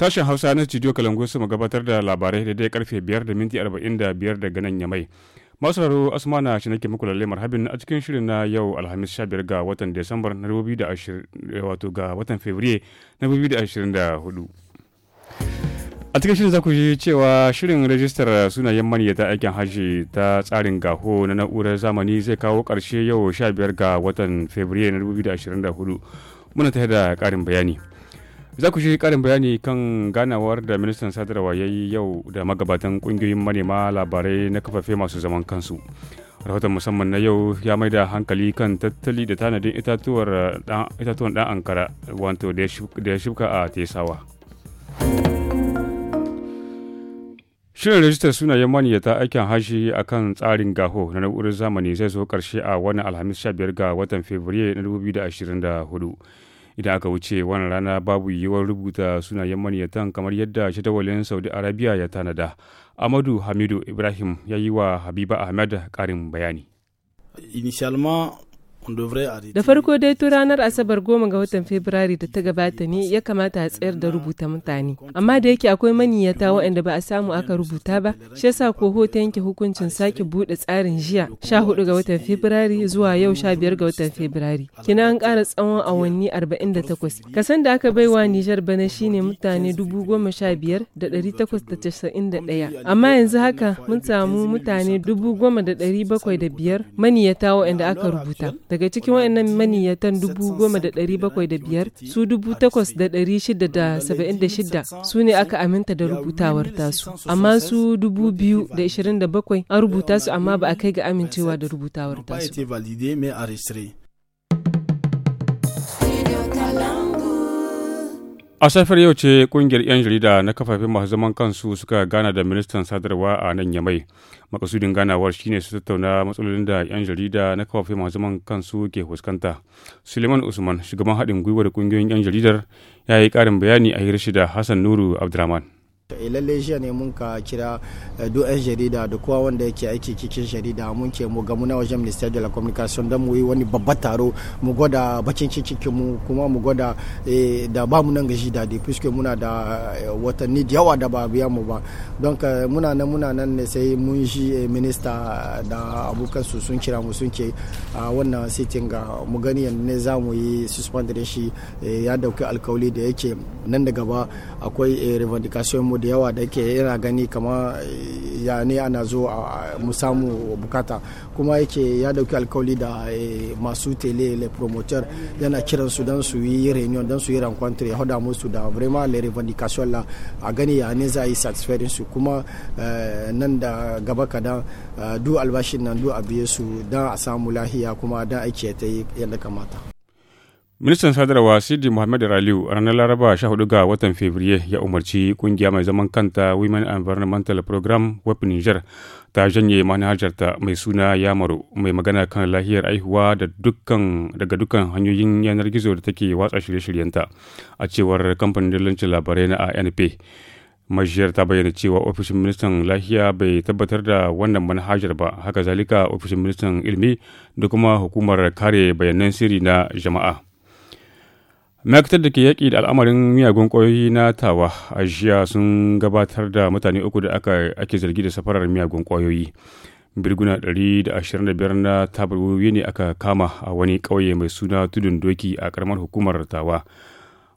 Sashen Hausa na Studio Kalangu su gabatar da labarai daidai karfe 5 da minti 45 daga nan Yamai. Masararo Asmana shi nake muku lalle marhabin a cikin shirin na yau Alhamis 15 ga watan Desambar na 2020 eh, wato ga watan Fabrairu na 2024. a cikin shirin za ku ji cewa shirin rajistar sunayen maniyyata aikin hajji ta tsarin gaho na na'urar zamani zai kawo karshe yau 15 ga watan fabrairu na 2024 muna tare da karin bayani za ku shi karin bayani kan ganawar da ministan sadarwa ya yi yau da magabatan kungiyoyin manema labarai na kafafe masu zaman kansu rahoton musamman na yau ya mai da hankali kan tattali da tanadin itatuwan dan ankara wato da ya shuka a tesawa shirin rajistar sunayen maniyyata aikin hashi a kan tsarin gaho na na'urar zamani zai zo karshe a wannan alhamis 15 ga watan fabrairu na 2024 idan aka wuce wannan rana babu yiwuwar rubuta sunayen maniyatan kamar yadda shadawalin saudi arabia ya tanada amadu hamidu ibrahim ya yi wa habiba ahmed karin bayani initialement Da farko dai tun ranar Asabar goma ga watan Fabrairu da ta gabata ne ya kamata a tsayar da rubuta mutane. Amma da yake akwai maniyata waɗanda ba a samu aka rubuta ba, shi yasa koho ta yanke hukuncin sake buɗe tsarin jiya sha hudu ga watan Fabrairu zuwa yau sha biyar ga watan Fabrairu. Kina an ƙara tsawon awanni arba'in da takwas. Kasan da aka bai wa Nijar bana shine mutane dubu goma sha biyar da ɗari takwas da casa'in da ɗaya. Amma yanzu haka mun samu mutane dubu goma da ɗari bakwai da biyar maniyata waɗanda aka rubuta. daga cikin waɗannan maniyyatan dubu goma da ɗari bakwai da biyar su dubu takwas da ɗari shida da saba'in da shida su ne aka aminta da rubutawar tasu amma su dubu biyu da ishirin da bakwai an rubuta su amma ba a kai ga amincewa da rubutawar tasu A safiyar yau ce kungiyar 'yan jarida na kafafen masu zaman kansu suka gana da ministan sadarwa a nan yamai. Makasudin ganawar shine su tattauna matsalolin da 'yan jarida na kafafen masu zaman kansu ke fuskanta. Suleiman Usman, shugaban haɗin gwiwar kungiyoyin 'yan jaridar, ya yi ƙarin bayani a hirar da Hassan Nuru abdulrahman. Eh, lalle jiya ne mun ka kira eh, duk 'yan jarida da kowa wanda yake aiki cikin jarida mun ke mu gamu na wajen minister de la communication don mu yi wani babban taro mu gwada bakin cikin mu kuma mu gwada eh, da ba mu nan gaji da fuske muna da watanni da yawa da ba biya mu ba don ka muna nan muna nan ne sai mun shi minister da abokan su sun kira mu sun ke a wannan sitin ga mu gani yadda ne za mu yi suspend shi ya dauki alkawali da yake nan da gaba akwai revendication mu da yawa da yake yana gani kama eh, ya ne ana zo a musamu bukata kuma yake ya dauki alkawali da eh, masu tele le promoteur yana kiransu don su yi reunion don su yi rencontre ya hada musu da vraiment le revendication la a gani ya ne za a yi satisfaction su kuma eh, nan da gaba kadan du albashin nan du a biye su don a samu lahiya kuma da aiki ya ta yi yadda kamata Ministan sadarwa Sidi Muhammad Raliu a ranar Laraba 14 ga watan Fabrairu ya umarci kungiya mai zaman kanta Women Environmental Program Web Niger ta janye manhajarta mai suna Yamaro mai magana kan lahiyar aihuwa daga dukkan hanyoyin yanar gizo da take watsa shirye-shiryenta a cewar kamfanin dillancin labarai na ANP. majiyar ta bayyana cewa ofishin ministan lahiya bai tabbatar da wannan manhajar ba haka zalika ofishin ministan ilimi da kuma hukumar kare bayanan sirri na jama'a fitar da ke yaƙi da al'amarin miyagun ƙwayoyi na tawa a jiya sun gabatar da mutane uku da aka ake zargi da safarar miyagun ƙwayoyi birguna 125 na wuyi ne aka kama a wani ƙauye mai suna tudun doki a ƙaramar hukumar tawa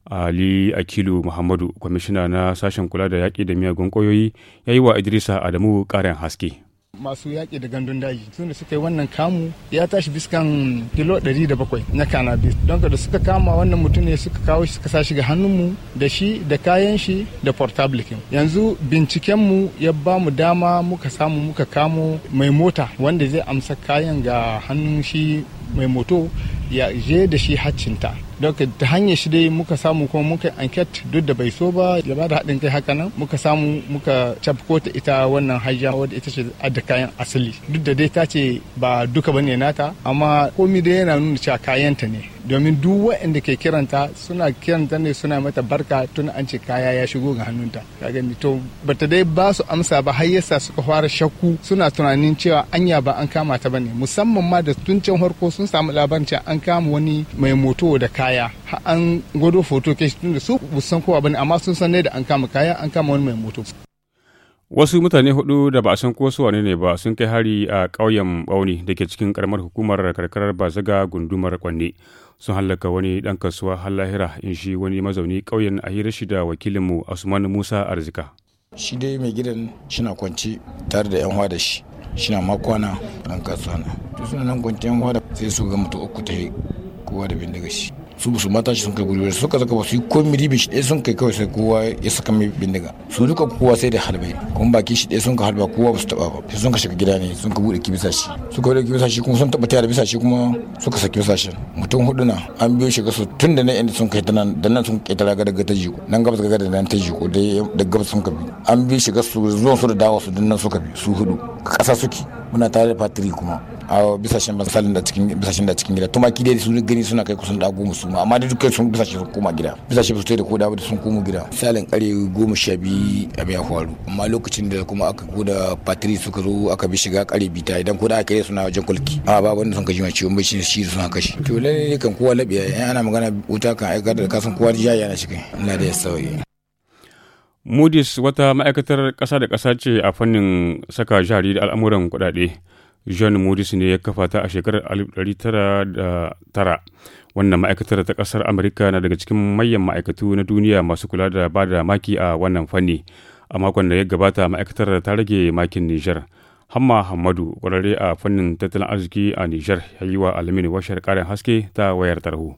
ali akilu muhammadu kwamishina na sashen kula da yaƙi da miyagun ƙwayoyi ya yi wa idrisa adamu ƙarin haske masu yaƙi da gandun daji su da suka yi wannan kamu ya tashi biskan kilo bakwai na cannabis don da suka kama wannan mutum ne suka kawo shi suka sa shi ga hannunmu da shi da kayan shi da portable yanzu bincikenmu ya ba mu dama muka samu muka kamo mai mota wanda zai amsa kayan ga hannun shi mai moto ya je da shi haccinta don ta hanyar shi dai muka samu kuma muka anket duk da bai so ba ya ba da haɗin kai haka nan muka samu muka cafko ta ita wannan hajja wadda ita ce da kayan asali duk da dai ta ce ba duka ne nata amma komi dai yana nuna cewa kayanta ne domin duk waɗanda ke kiranta suna kiranta ne suna mata barka tun an ce kaya ya shigo ga hannunta ka gani to bata dai ba su amsa ba har yasa suka fara shakku suna tunanin cewa anya ba an kama ta ba bane musamman ma da tun can farko sun samu labarin cewa an kama wani mai moto da kaya kaya an gwado foto ke tun da su san kowa bane amma sun san ne da an kama kaya an kama wani mai moto wasu mutane hudu da ba a san ko su wane ne ba sun kai hari a ƙauyen bauni da ke cikin karamar hukumar karkarar bazaga gundumar kwanne sun hallaka wani dan kasuwa har lahira in shi wani mazauni ƙauyen a hira shi da wakilinmu usman musa arzika shi dai mai gidan shina kwanci tare da yan da shi shina makwana dan kasuwa na to suna nan kwanci yan da sai su ga mutu uku ta kowa da bindiga shi su su mata shi sun kai guri suka zaka ba su yi komi ribin shi ɗaya sun kai kawai sai kowa ya saka mai bindiga su duka kowa sai da halbai kuma baki shi ɗaya sun ka halba kowa ba su taɓa ba sai sun ka shiga gida ne sun ka buɗe kibisa shi suka buɗe kibisa shi kuma sun taɓa tayar bisa shi kuma suka saki bisa shi mutum huɗu na an biyo shiga su tun da nan inda sun kai ta nan da nan sun kai ta daga ta jiko nan gabas daga da nan ta jiko da gabas sun ka bi an biyo shiga su zuwa su da dawa su dan nan suka bi su huɗu ƙasa suke muna tare da fatiri kuma a bisashen masalin da cikin bisashen da cikin gida tumaki dai sun gani suna kai kusan da goma su amma da dukkan sun bisashe sun koma gida Bisashen su da koda da sun koma gida misalin kare goma sha biyu a ya faru amma lokacin da kuma aka goda patri suka zo aka bi shiga kare bita idan koda aka yi suna wajen kulki a ba wanda sun kaji mai ciwon bai shi suna kashi to lalle ne kan kowa labiya in ana magana wuta kan aika da kasan kowa jiya na cikin Ina da ya sauye Moody's wata ma'aikatar ƙasa da ƙasa ce a fannin saka jari da al'amuran kuɗaɗe. john morris ne ya kafa ta a shekarar 1909 wannan ma'aikatar ta kasar amurka na daga cikin manyan ma'aikatu na duniya masu kula da ba da maki a wannan fanni a makon da ya gabata ma'aikatar ta rage makin niger hamma hamadu ƙwararre a fannin tattalin arziki a niger ya yi wa alamini washar karin haske ta wayar tarho.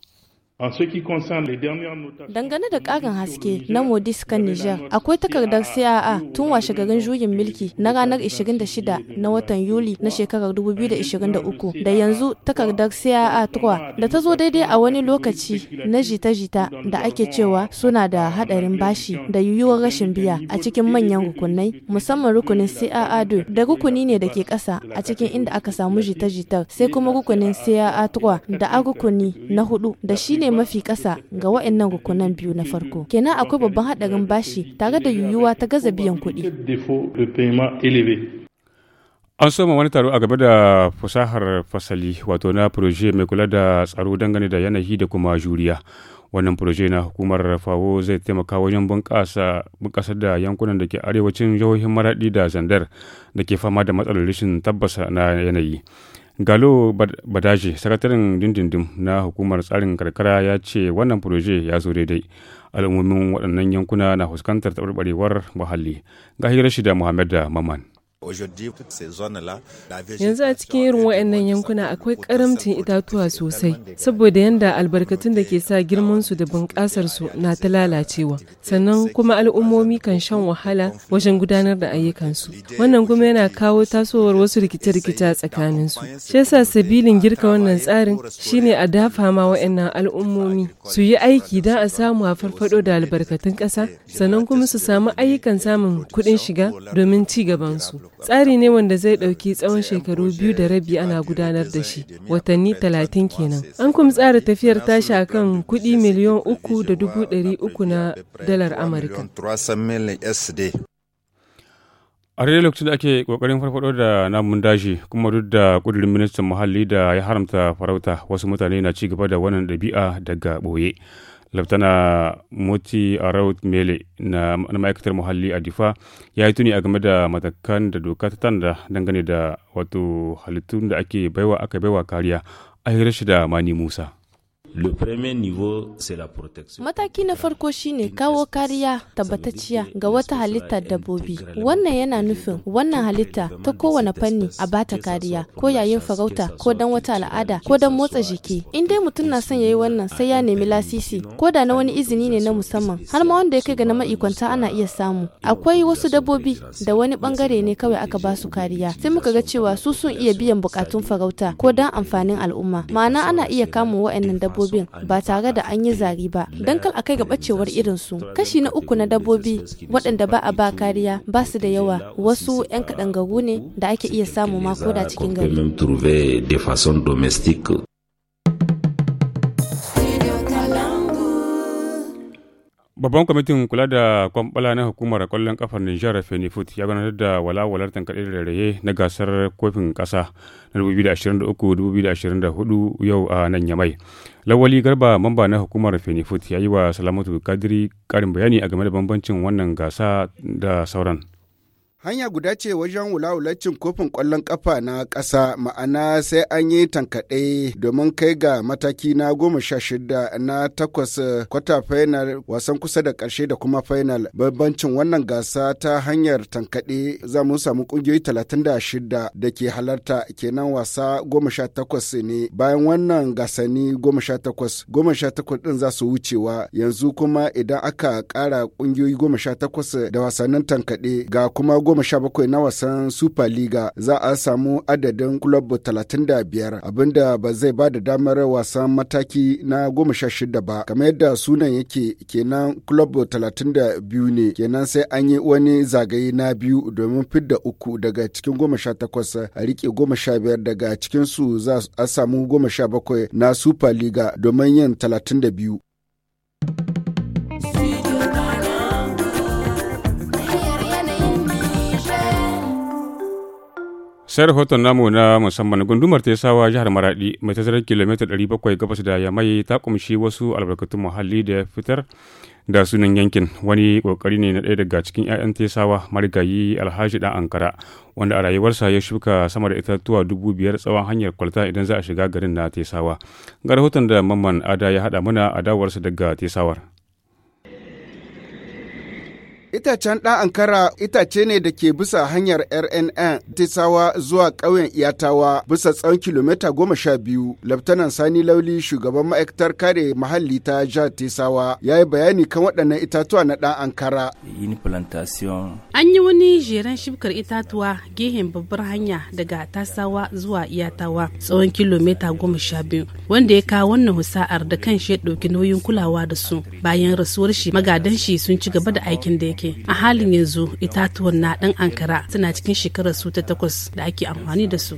Dangane da ƙarin haske na Modis kan Nijar, akwai takardar CAA tun washe garin juyin mulki na ranar 26 na watan Yuli na shekarar 2023 da yanzu takardar CAA 3 da ta zo daidai a wani lokaci na jita-jita da ake cewa suna da hadarin bashi da yiwuwar rashin biya a cikin manyan rukunai musamman rukunin CAA 2 da rukuni ne da ke ƙasa a cikin inda aka samu jita-jitar sai kuma rukunin CAA 3 da a rukuni na hudu da ne. ne mafi ƙasa ga waɗannan rukunan biyu na farko. Kenan akwai babban haɗarin bashi tare da yiwuwa ta gaza biyan kuɗi. An soma wani taro a gaba da fasahar fasali wato na proje mai kula da tsaro dangane da yanayi da kuma juriya. Wannan proje na hukumar FAO zai taimaka wajen bunƙasa da yankunan da ke arewacin jihohin maraɗi da zandar da ke fama da matsalar tabbasa na yanayi. Galo Badaji, sakataren dindindim na hukumar tsarin karkara ya ce wannan furoje ya zo daidai. Al'ummomin waɗannan yankuna na fuskantar taɓarɓarewar muhalli. Ga shida shi da Muhammad da Maman. Yanzu a cikin irin waɗannan yankuna akwai karamcin itatuwa sosai, saboda yadda albarkatun da ke sa girmansu da bunƙasarsu na ta lalacewa, sannan kuma al'ummomi kan shan wahala wajen gudanar da ayyukansu. Wannan kuma yana kawo tasowar wasu rikice-rikice a tsakaninsu. Shi yasa sabilin girka wannan tsarin shine a dafa ma waɗannan al'ummomi su yi aiki don a samu a farfaɗo da albarkatun ƙasa, sannan kuma su samu ayyukan samun kuɗin shiga domin ci gabansu. Tsari ne wanda zai ɗauki tsawon shekaru biyu da rabi ana gudanar da shi, watanni talatin kenan. An kuma tsara tafiyar tashi a kan kuɗi miliyan uku da dubu ɗari uku na dalar Amurka. A daidai lokacin da ake kokarin farfaɗo da namun daji kuma duk da ƙudurin ministan muhalli da ya haramta farauta wasu mutane na ci gaba da wannan ɗabi'a daga ɓoye. laftana moti araut mele na ma'aikatar muhalli a difa ya yi tuni a game da matakan da doka ta tanda dangane da wato halittun da ake baiwa aka baiwa kariya a hira shi da mani musa Le premier niveau c'est la protection. Mataki na farko shine kawo kariya tabbatacciya ga wata halitta dabbobi. Wannan yana nufin wannan halitta ta kowane fanni a bata kariya ko yayin farauta ko dan wata al'ada ko dan motsa jiki. In dai mutum na son yayi wannan sai ya nemi lasisi ko da na wani izini ne na musamman har ma wanda ya kai ga na ma'ikwanta ana iya samu. Akwai wasu dabbobi da wani bangare ne kawai aka ba su kariya. Sai muka ga cewa su sun iya biyan bukatun farauta ko dan amfanin al'umma. Ma'ana ana iya kama wa'annan dabbobi dabbobin ba tare da an yi zari ba don a kai ga bacewar su kashi na uku na dabbobi waɗanda ba a ba kariya ba su da yawa wasu 'yan kaɗangaru ne da ake iya samu ma da cikin gari Babban kwamitin kula da kwamɓala na hukumar kwallon kafar Nijar Fenifut ya gudanar da walawalar tankaɗe da raye na gasar kofin ƙasa na 2023-2024 yau a nan Yamai. Lawali Garba mamba na hukumar Fenifut ya yi wa Salamatu Kadiri karin bayani a game da bambancin wannan gasa da sauran. Hanya guda ce wajen wulawulacin kofin kwallon kafa na ƙasa ma'ana sai an yi tankaɗe domin kai ga mataki na goma sha shida na takwas kwata eh, final wasan kusa da ƙarshe da kuma final. Bambancin wannan gasa ta hanyar tankaɗe za mu samu ƙungiyoyi talatin da shida da ke halarta kenan wasa goma sha takwas ne bayan wannan gasani goma sha takwas goma sha takwas ɗin za su wucewa yanzu kuma idan aka ƙara ƙungiyoyi goma sha takwas eh, da wasannin tankaɗe ga kuma goma goma sha bakwai na wasan Super Liga za a samu adadin kulob talatin biyar abinda ba zai ba da damar wasan mataki na goma sha shida ba kamar yadda sunan yake kenan kulob talatin ne kenan sai an yi wani zagaye na biyu domin fidda uku daga cikin goma sha takwas a rike goma sha biyar daga cikinsu za a samu goma sha bakwai na Super Liga domin yin talatin da biyu. sai rahoton namu na musamman gundumar tesawa jihar maradi mai tazarar kilomita 700 gabas da ya mai ta kumshi wasu albarkatun muhalli da fitar da sunan yankin wani kokari ne na ɗaya daga cikin 'ya'yan tesawa marigayi alhaji dan ankara wanda a rayuwarsa ya shuka sama da itatuwa dubu biyar tsawon hanyar kwalta idan za a shiga garin na tesawa ga rahoton da mamman ada ya haɗa mana a dawarsa daga tesawar Itacen ɗan Ankara itace ne da ke bisa hanyar RNN Tisawa zuwa ƙauyen Iyatawa bisa tsawon kilomita goma sha biyu. Laftanan Sani Lauli shugaban ma'aikatar kare muhalli ta jihar Tisawa ya yi bayani kan waɗannan itatuwa na ɗan Ankara. An yi wani jeren shibkar itatuwa gehen babbar hanya daga Tasawa zuwa Iyatawa tsawon kilomita goma sha biyu wanda ya kawo wannan husa'ar da kan shi ya ɗauki nauyin kulawa da su bayan rasuwar shi magadan shi sun ci gaba da aikin da yake take a halin yanzu itatuwan na dan ankara suna cikin shekarar su ta takwas da ake amfani da su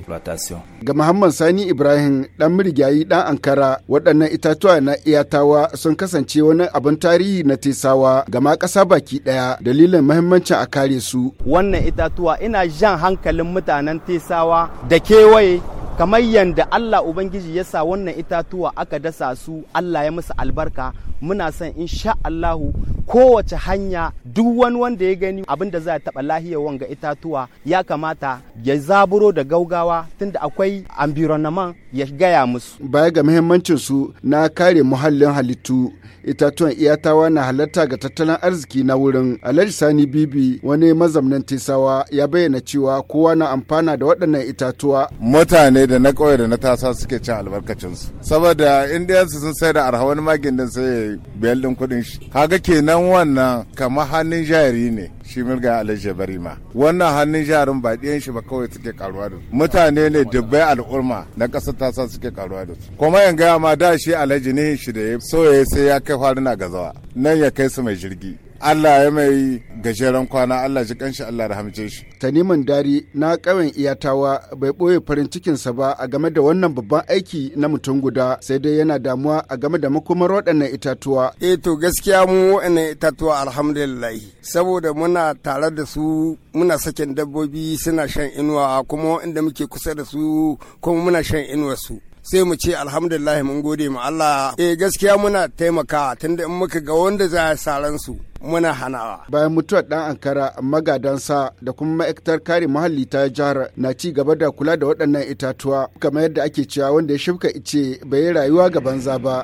ga muhammad sani ibrahim dan mirigayi dan ankara waɗannan itatuwa na iyatawa sun kasance wani abin tarihi na tesawa gama ƙasa baki ɗaya dalilin mahimmancin a kare su wannan itatuwa ina jan hankalin mutanen tesawa da kewaye kamar yadda Allah Ubangiji ya sa wannan itatuwa aka dasa su Allah ya musu albarka muna son insha Allahu kowace hanya duk wani wanda ya gani abin da za a taɓa lahiyar wanga itatuwa ya kamata ya zaburo da gaugawa tunda akwai environment ya gaya musu. Baya ga muhimmancin su na kare muhallin halittu itatuwan iyatawa na halatta ga tattalin arziki na wurin Alhaji Sani Bibi wani mazamnan Tesawa ya bayyana cewa kowa na amfana da waɗannan itatuwa. Mutane da na ƙauye da na tasa suke cin albarkacinsu saboda indiyansu sun sai da arha wani da sai ya biyar ɗin kuɗin shi kaga kenan wannan kama hannun jari ne shi mulga alhaji barima wannan hannun jarin ba ɗiyan shi ba kawai suke karuwa da su mutane ne dubbai al'umma na ƙasar tasa suke karuwa da su kuma yanga ma da shi alhaji ne shi da ya so ya sai ya kai faruna gazawa nan ya kai su mai jirgi Allah ya mai gajeren kwana Allah ji kanshi Allah rahamce shi. Taniman dari na ƙauyen iyatawa bai ɓoye farin cikinsa ba a game da wannan babban aiki na mutum guda sai dai yana damuwa a game da makomar waɗannan itatuwa. E, to gaskiya mu waɗannan itatuwa alhamdulillah saboda muna tare da su muna sakin dabbobi suna shan inuwa kuma inda muke kusa da su kuma muna shan inuwa su. sai mu ce alhamdulillah mun gode ma Allah eh gaskiya muna taimakawa tunda in muka ga wanda za a saran su muna hanawa. Bayan mutuwar ɗan Ankara magadansa da kuma ma'aikatar kare muhalli ta jihar na ci gaba da kula da waɗannan itatuwa kamar yadda ake cewa wanda ya shifka ice bai yi rayuwa ga banza ba.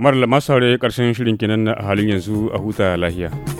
Mara masaure ƙarshen shirin kenan a halin yanzu a huta lahiya.